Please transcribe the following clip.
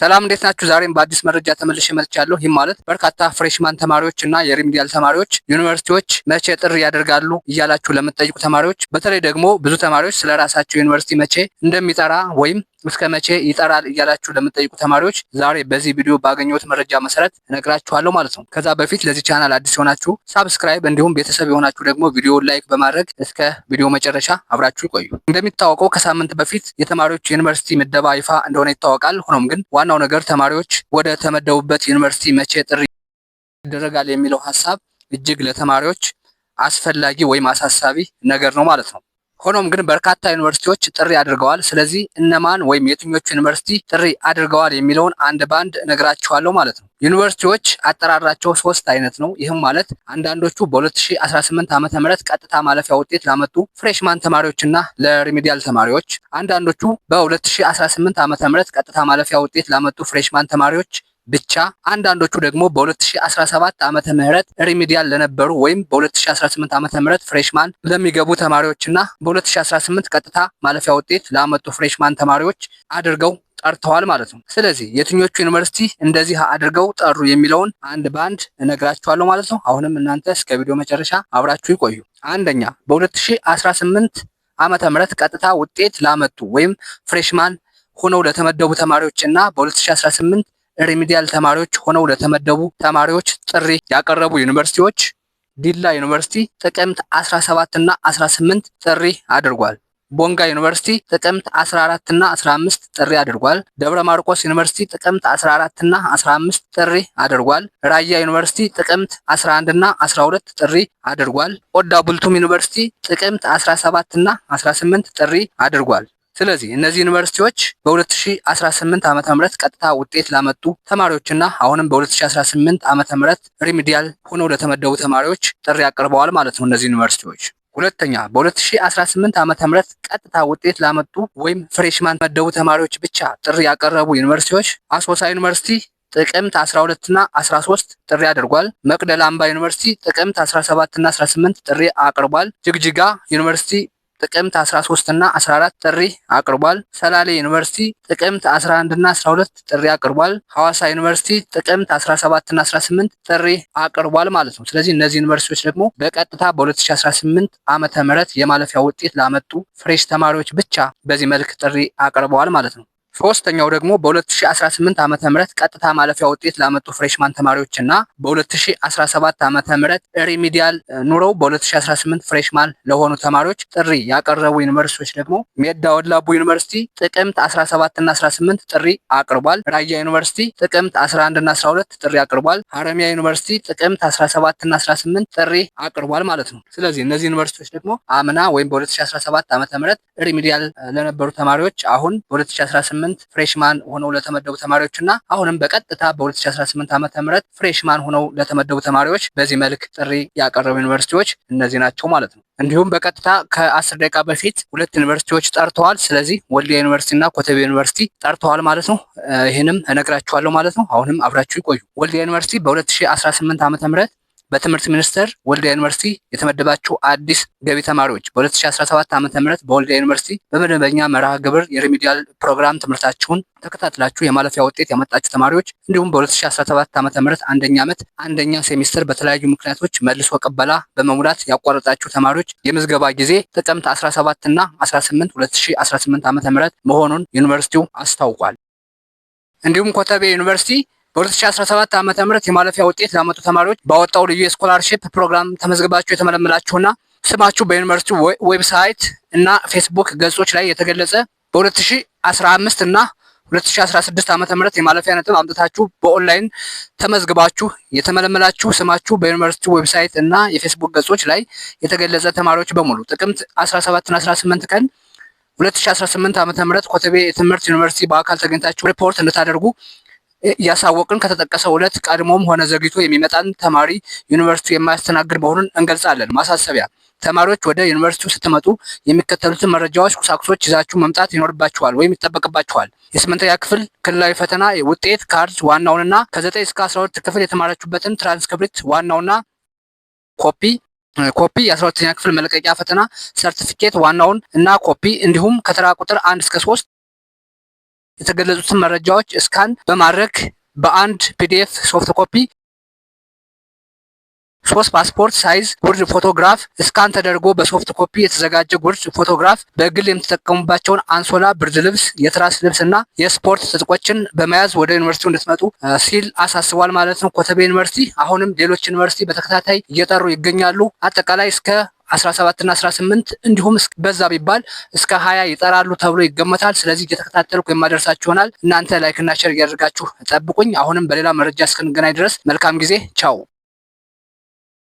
ሰላም እንዴት ናችሁ? ዛሬም በአዲስ መረጃ ተመልሼ መጥቻለሁ። ይህም ማለት በርካታ ፍሬሽማን ተማሪዎች እና የሪሚዲያል ተማሪዎች ዩኒቨርሲቲዎች መቼ ጥሪ ያደርጋሉ እያላችሁ ለምትጠይቁ ተማሪዎች፣ በተለይ ደግሞ ብዙ ተማሪዎች ስለ ራሳቸው ዩኒቨርሲቲ መቼ እንደሚጠራ ወይም እስከ መቼ ይጠራል እያላችሁ ለምትጠይቁ ተማሪዎች ዛሬ በዚህ ቪዲዮ ባገኘሁት መረጃ መሰረት እነግራችኋለሁ ማለት ነው። ከዛ በፊት ለዚህ ቻናል አዲስ የሆናችሁ ሳብስክራይብ፣ እንዲሁም ቤተሰብ የሆናችሁ ደግሞ ቪዲዮ ላይክ በማድረግ እስከ ቪዲዮ መጨረሻ አብራችሁ ይቆዩ። እንደሚታወቀው ከሳምንት በፊት የተማሪዎች ዩኒቨርሲቲ ምደባ ይፋ እንደሆነ ይታወቃል። ሆኖም ግን ዋና ዋናው ነገር ተማሪዎች ወደ ተመደቡበት ዩኒቨርሲቲ መቼ ጥሪ ይደረጋል የሚለው ሀሳብ እጅግ ለተማሪዎች አስፈላጊ ወይም አሳሳቢ ነገር ነው ማለት ነው። ሆኖም ግን በርካታ ዩኒቨርሲቲዎች ጥሪ አድርገዋል። ስለዚህ እነማን ወይም የትኞቹ ዩኒቨርሲቲ ጥሪ አድርገዋል የሚለውን አንድ ባንድ እነግራችኋለሁ ማለት ነው። ዩኒቨርሲቲዎች አጠራራቸው ሶስት አይነት ነው። ይህም ማለት አንዳንዶቹ በ2018 ዓ ም ቀጥታ ማለፊያ ውጤት ላመጡ ፍሬሽማን ተማሪዎችና ለሪሚዲያል ተማሪዎች፣ አንዳንዶቹ በ2018 ዓ ም ቀጥታ ማለፊያ ውጤት ላመጡ ፍሬሽማን ተማሪዎች ብቻ አንዳንዶቹ ደግሞ በ2017 ዓመተ ምህረት ሪሚዲያል ለነበሩ ወይም በ2018 ዓመተ ምህረት ፍሬሽማን ለሚገቡ ተማሪዎችና በ2018 ቀጥታ ማለፊያ ውጤት ላመጡ ፍሬሽማን ተማሪዎች አድርገው ጠርተዋል ማለት ነው። ስለዚህ የትኞቹ ዩኒቨርሲቲ እንደዚህ አድርገው ጠሩ የሚለውን አንድ በአንድ እነግራችኋለሁ ማለት ነው። አሁንም እናንተ እስከ ቪዲዮ መጨረሻ አብራችሁ ይቆዩ። አንደኛ በ2018 ዓመተ ምህረት ቀጥታ ውጤት ላመጡ ወይም ፍሬሽማን ሆነው ለተመደቡ ተማሪዎች እና በ2018 ሪሚዲያል ተማሪዎች ሆነው ለተመደቡ ተማሪዎች ጥሪ ያቀረቡ ዩኒቨርሲቲዎች ዲላ ዩኒቨርሲቲ ጥቅምት 17 እና 18 ጥሪ አድርጓል። ቦንጋ ዩኒቨርሲቲ ጥቅምት 14 እና 15 ጥሪ አድርጓል። ደብረ ማርቆስ ዩኒቨርሲቲ ጥቅምት 14 እና 15 ጥሪ አድርጓል። ራያ ዩኒቨርሲቲ ጥቅምት 11 እና 12 ጥሪ አድርጓል። ኦዳ ቡልቱም ዩኒቨርሲቲ ጥቅምት 17 እና 18 ጥሪ አድርጓል። ስለዚህ እነዚህ ዩኒቨርሲቲዎች በ2018 ዓ ም ቀጥታ ውጤት ላመጡ ተማሪዎችና አሁንም በ2018 ዓ ም ሪሚዲያል ሆነው ለተመደቡ ተማሪዎች ጥሪ አቅርበዋል ማለት ነው እነዚህ ዩኒቨርሲቲዎች። ሁለተኛ በ2018 ዓ ም ቀጥታ ውጤት ላመጡ ወይም ፍሬሽማን መደቡ ተማሪዎች ብቻ ጥሪ ያቀረቡ ዩኒቨርሲቲዎች አሶሳ ዩኒቨርሲቲ ጥቅምት 12 እና 13 ጥሪ አድርጓል። መቅደላ አምባ ዩኒቨርሲቲ ጥቅምት 17 እና 18 ጥሪ አቅርቧል። ጅግጅጋ ዩኒቨርሲቲ ጥቅምት 13 እና 14 ጥሪ አቅርቧል። ሰላሌ ዩኒቨርሲቲ ጥቅምት 11 እና 12 ጥሪ አቅርቧል። ሐዋሳ ዩኒቨርሲቲ ጥቅምት 17 እና 18 ጥሪ አቅርቧል ማለት ነው። ስለዚህ እነዚህ ዩኒቨርሲቲዎች ደግሞ በቀጥታ በ2018 ዓመተ ምህረት የማለፊያ ውጤት ላመጡ ፍሬሽ ተማሪዎች ብቻ በዚህ መልክ ጥሪ አቅርበዋል ማለት ነው። ሶስተኛው ደግሞ በ2018 ዓመተ ምረት ቀጥታ ማለፊያ ውጤት ላመጡ ፍሬሽማን እና በ2017 ዓመተ ምህረት ሪሚዲያል ኑረው በ2018 ፍሬሽማን ለሆኑ ተማሪዎች ጥሪ ያቀረቡ ዩኒቨርሲቲዎች ደግሞ ሜዳ ወላቡ ዩኒቨርሲቲ ጥቅምት 17 እና 18 ጥሪ አቅርቧል። ራያ ዩኒቨርሲቲ ጥቅምት 11 እና 12 ጥሪ አቅርቧል። ሀረሚያ ዩኒቨርሲቲ ጥቅምት 17 እና 18 ጥሪ አቅርቧል ማለት ነው። ስለዚህ እነዚህ ዩኒቨርሲቲዎች ደግሞ አምና ወይም በ2017 ዓም ምህረት ሪሚዲያል ለነበሩ ተማሪዎች አሁን በ2018 2018 ፍሬሽማን ሆነው ለተመደቡ ተማሪዎች እና አሁንም በቀጥታ በ2018 ዓ ም ፍሬሽማን ሆነው ለተመደቡ ተማሪዎች በዚህ መልክ ጥሪ ያቀረቡ ዩኒቨርሲቲዎች እነዚህ ናቸው ማለት ነው። እንዲሁም በቀጥታ ከአስር ደቂቃ በፊት ሁለት ዩኒቨርሲቲዎች ጠርተዋል። ስለዚህ ወልዲያ ዩኒቨርሲቲ እና ኮተቤ ዩኒቨርሲቲ ጠርተዋል ማለት ነው። ይህንም እነግራችኋለሁ ማለት ነው። አሁንም አብራችሁ ይቆዩ። ወልዲያ ዩኒቨርሲቲ በ2018 ዓ ም በትምህርት ሚኒስቴር ወልዲያ ዩኒቨርሲቲ የተመደባችሁ አዲስ ገቢ ተማሪዎች በ2017 ዓ ም በወልዲያ ዩኒቨርሲቲ በመደበኛ መርሃ ግብር የሪሚዲያል ፕሮግራም ትምህርታችሁን ተከታትላችሁ የማለፊያ ውጤት ያመጣችሁ ተማሪዎች እንዲሁም በ2017 ዓ ም አንደኛ ዓመት አንደኛ ሴሚስተር በተለያዩ ምክንያቶች መልሶ ቀበላ በመሙላት ያቋረጣችሁ ተማሪዎች የምዝገባ ጊዜ ጥቅምት 17 እና 18 2018 ዓ ም መሆኑን ዩኒቨርሲቲው አስታውቋል። እንዲሁም ኮተቤ ዩኒቨርሲቲ በ2017 ዓ ም የማለፊያ ውጤት ላመጡ ተማሪዎች ባወጣው ልዩ የስኮላርሽፕ ፕሮግራም ተመዝግባችሁ የተመለመላችሁና ስማችሁ በዩኒቨርሲቲ ዌብሳይት እና ፌስቡክ ገጾች ላይ የተገለጸ በ2015 እና 2016 ዓ ም የማለፊያ ነጥብ አምጥታችሁ በኦንላይን ተመዝግባችሁ የተመለመላችሁ ስማችሁ በዩኒቨርሲቲ ዌብሳይት እና የፌስቡክ ገጾች ላይ የተገለጸ ተማሪዎች በሙሉ ጥቅምት 17ና 18 ቀን 2018 ዓ ም ኮተቤ የትምህርት ዩኒቨርሲቲ በአካል ተገኝታችሁ ሪፖርት እንድታደርጉ እያሳወቅን ከተጠቀሰው ዕለት ቀድሞም ሆነ ዘግይቶ የሚመጣን ተማሪ ዩኒቨርሲቲው የማያስተናግድ መሆኑን እንገልጻለን። ማሳሰቢያ ተማሪዎች ወደ ዩኒቨርሲቲው ስትመጡ የሚከተሉትን መረጃዎች፣ ቁሳቁሶች ይዛችሁ መምጣት ይኖርባችኋል ወይም ይጠበቅባችኋል። የስምንተኛ ክፍል ክልላዊ ፈተና ውጤት ካርድ ዋናውንና ከዘጠኝ እስከ አስራ ሁለት ክፍል የተማራችሁበትን ትራንስክሪፕት ዋናውና ኮፒ ኮፒ የአስራ ሁለተኛ ክፍል መለቀቂያ ፈተና ሰርቲፊኬት ዋናውን እና ኮፒ እንዲሁም ከተራ ቁጥር አንድ እስከ ሶስት የተገለጹትን መረጃዎች ስካን በማድረግ በአንድ ፒዲኤፍ ሶፍት ኮፒ ሶስት ፓስፖርት ሳይዝ ጉርድ ፎቶግራፍ ስካን ተደርጎ በሶፍት ኮፒ የተዘጋጀ ጉርድ ፎቶግራፍ በግል የምትጠቀሙባቸውን አንሶላ፣ ብርድ ልብስ፣ የትራስ ልብስ እና የስፖርት ትጥቆችን በመያዝ ወደ ዩኒቨርሲቲ እንድትመጡ ሲል አሳስቧል ማለት ነው። ኮተቤ ዩኒቨርሲቲ አሁንም ሌሎች ዩኒቨርሲቲ በተከታታይ እየጠሩ ይገኛሉ። አጠቃላይ እስከ 17 እና 18 እንዲሁም በዛ ቢባል እስከ 20 ይጠራሉ ተብሎ ይገመታል። ስለዚህ እየተከታተልኩ የማደርሳችሁ ይሆናል። እናንተ ላይክና ሸር እያደርጋችሁ ጠብቁኝ። አሁንም በሌላ መረጃ እስክንገናኝ ድረስ መልካም ጊዜ፣ ቻው።